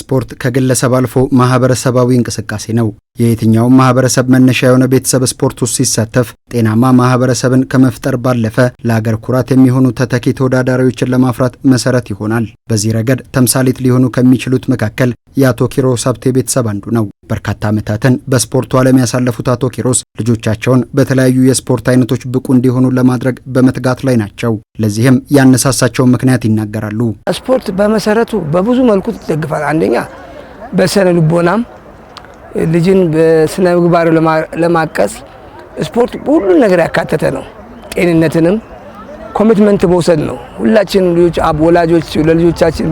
ስፖርት ከግለሰብ አልፎ ማህበረሰባዊ እንቅስቃሴ ነው። የየትኛውም ማህበረሰብ መነሻ የሆነ ቤተሰብ ስፖርት ውስጥ ሲሳተፍ ጤናማ ማህበረሰብን ከመፍጠር ባለፈ ለአገር ኩራት የሚሆኑ ተተኪ ተወዳዳሪዎችን ለማፍራት መሰረት ይሆናል። በዚህ ረገድ ተምሳሌት ሊሆኑ ከሚችሉት መካከል የአቶ ኪሮስ ሀብቴ ቤተሰብ አንዱ ነው። በርካታ ዓመታትን በስፖርቱ ዓለም ያሳለፉት አቶ ኪሮስ ልጆቻቸውን በተለያዩ የስፖርት አይነቶች ብቁ እንዲሆኑ ለማድረግ በመትጋት ላይ ናቸው። ለዚህም ያነሳሳቸውን ምክንያት ይናገራሉ። ስፖርት በመሰረቱ በብዙ መልኩ ትደግፋል። አንደኛ በስነ ልቦናም ልጅን በስነ ምግባሩ ለማቀስ ስፖርት ሁሉን ነገር ያካተተ ነው። ጤንነትንም ኮሚትመንት መውሰድ ነው። ሁላችን ልጆች ወላጆች ለልጆቻችን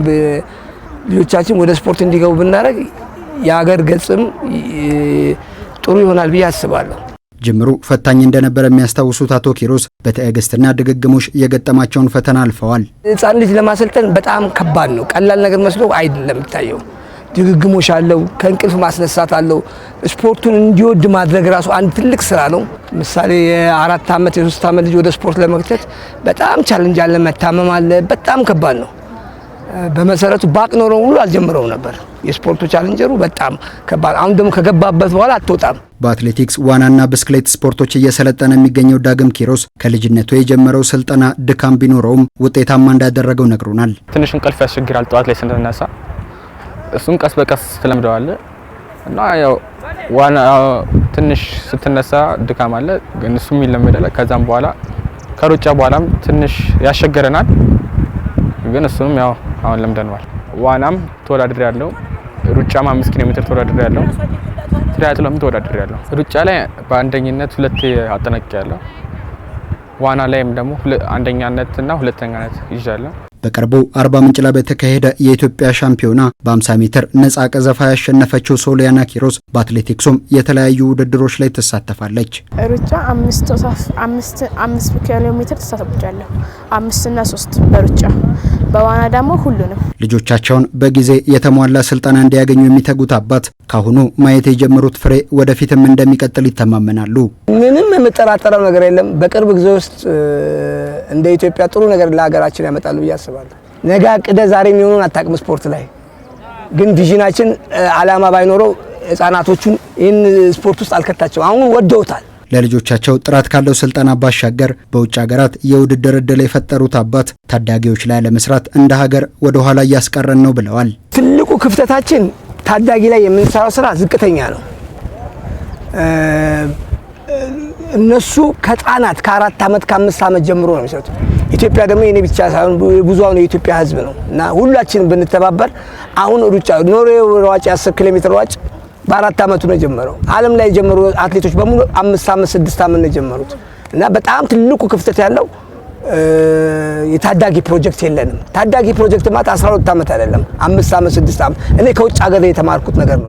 ልጆቻችን ወደ ስፖርት እንዲገቡ ብናደረግ የአገር ገጽም ጥሩ ይሆናል ብዬ አስባለሁ። ጅምሩ ፈታኝ እንደነበረ የሚያስታውሱት አቶ ኪሮስ በትዕግስትና ድግግሞሽ የገጠማቸውን ፈተና አልፈዋል። ሕፃን ልጅ ለማሰልጠን በጣም ከባድ ነው። ቀላል ነገር መስሎ አይደለም የሚታየው። ድግግሞሽ አለው፣ ከእንቅልፍ ማስነሳት አለው። ስፖርቱን እንዲወድ ማድረግ ራሱ አንድ ትልቅ ስራ ነው። ምሳሌ የአራት ዓመት የሶስት ዓመት ልጅ ወደ ስፖርት ለመክተት በጣም ቻለንጅ አለ፣ መታመም አለ። በጣም ከባድ ነው። በመሰረቱ ባቅ ኖሮ ሁሉ አልጀምረው ነበር። የስፖርቱ ቻለንጀሩ በጣም ከባድ። አሁን ደግሞ ከገባበት በኋላ አትወጣም። በአትሌቲክስ ዋናና ብስክሌት ስፖርቶች እየሰለጠነ የሚገኘው ዳግም ኪሮስ ከልጅነቱ የጀመረው ስልጠና ድካም ቢኖረውም ውጤታማ እንዳደረገው ነግሮናል። ትንሽ እንቅልፍ ያስቸግራል ጠዋት ላይ ስንነሳ፣ እሱም ቀስ በቀስ ትለምደዋለ እና ያው ዋና ትንሽ ስትነሳ ድካም አለ፣ ግን እሱም ይለመዳል። ከዛም በኋላ ከሩጫ በኋላም ትንሽ ያስቸግረናል፣ ግን እሱም ያው አሁን ለምደንዋል። ዋናም ተወዳድሬ ያለው ሩጫም አምስት ኪሎ ሜትር ተወዳድሬ ያለው ትሪያትሎም ተወዳድሬ ያለው ሩጫ ላይ በአንደኝነት ሁለት አጠናቅ ያለው ዋና ላይም ደግሞ አንደኛነትና ሁለተኛነት ይዣለሁ። በቅርቡ አርባ ምንጭ ላይ በተካሄደ የኢትዮጵያ ሻምፒዮና በ50 ሜትር ነጻ ቀዘፋ ያሸነፈችው ሶሊያና ኪሮስ በአትሌቲክሱም የተለያዩ ውድድሮች ላይ ትሳተፋለች። ሩጫ አምስት ኪሎ ሜትር ተሳተፍቻለሁ። አምስትና ሶስት በሩጫ በዋና ደግሞ ሁሉንም ልጆቻቸውን በጊዜ የተሟላ ስልጠና እንዲያገኙ የሚተጉት አባት ካሁኑ ማየት የጀመሩት ፍሬ ወደፊትም እንደሚቀጥል ይተማመናሉ። ምንም የምጠራጠረው ነገር የለም። በቅርብ ጊዜ ውስጥ እንደ ኢትዮጵያ ጥሩ ነገር ለሀገራችን ያመጣሉ ብዬ አስባለሁ። ነገ አቅደ ዛሬ የሚሆኑን አታቅም። ስፖርት ላይ ግን ቪዥናችን አላማ ባይኖረው ህጻናቶቹን ይህን ስፖርት ውስጥ አልከታቸው። አሁን ወደውታል። ለልጆቻቸው ጥራት ካለው ስልጠና ባሻገር በውጭ ሀገራት የውድድር እድል የፈጠሩት አባት ታዳጊዎች ላይ ለመስራት እንደ ሀገር ወደ ኋላ እያስቀረን ነው ብለዋል። ትልቁ ክፍተታችን ታዳጊ ላይ የምንሰራው ስራ ዝቅተኛ ነው። እነሱ ከጣናት ከአራት ዓመት ከአምስት ዓመት ጀምሮ ነው የሚሰሩት። ኢትዮጵያ ደግሞ የኔ ብቻ ሳይሆን ብዙሃኑ የኢትዮጵያ ሕዝብ ነው እና ሁላችንም ብንተባበር አሁን ሩጫ ኖርዌይ ሯጭ የአስር ኪሎ ሜትር ሯጭ በአራት አመቱ ነው የጀመረው። ዓለም ላይ የጀመሩ አትሌቶች በሙሉ አምስት ዓመት ስድስት አመት ነው የጀመሩት እና በጣም ትልቁ ክፍተት ያለው የታዳጊ ፕሮጀክት የለንም። ታዳጊ ፕሮጀክት ማለት 12 ዓመት አይደለም፣ አምስት ዓመት ስድስት ዓመት እኔ ከውጭ ሀገር የተማርኩት ነገር ነው።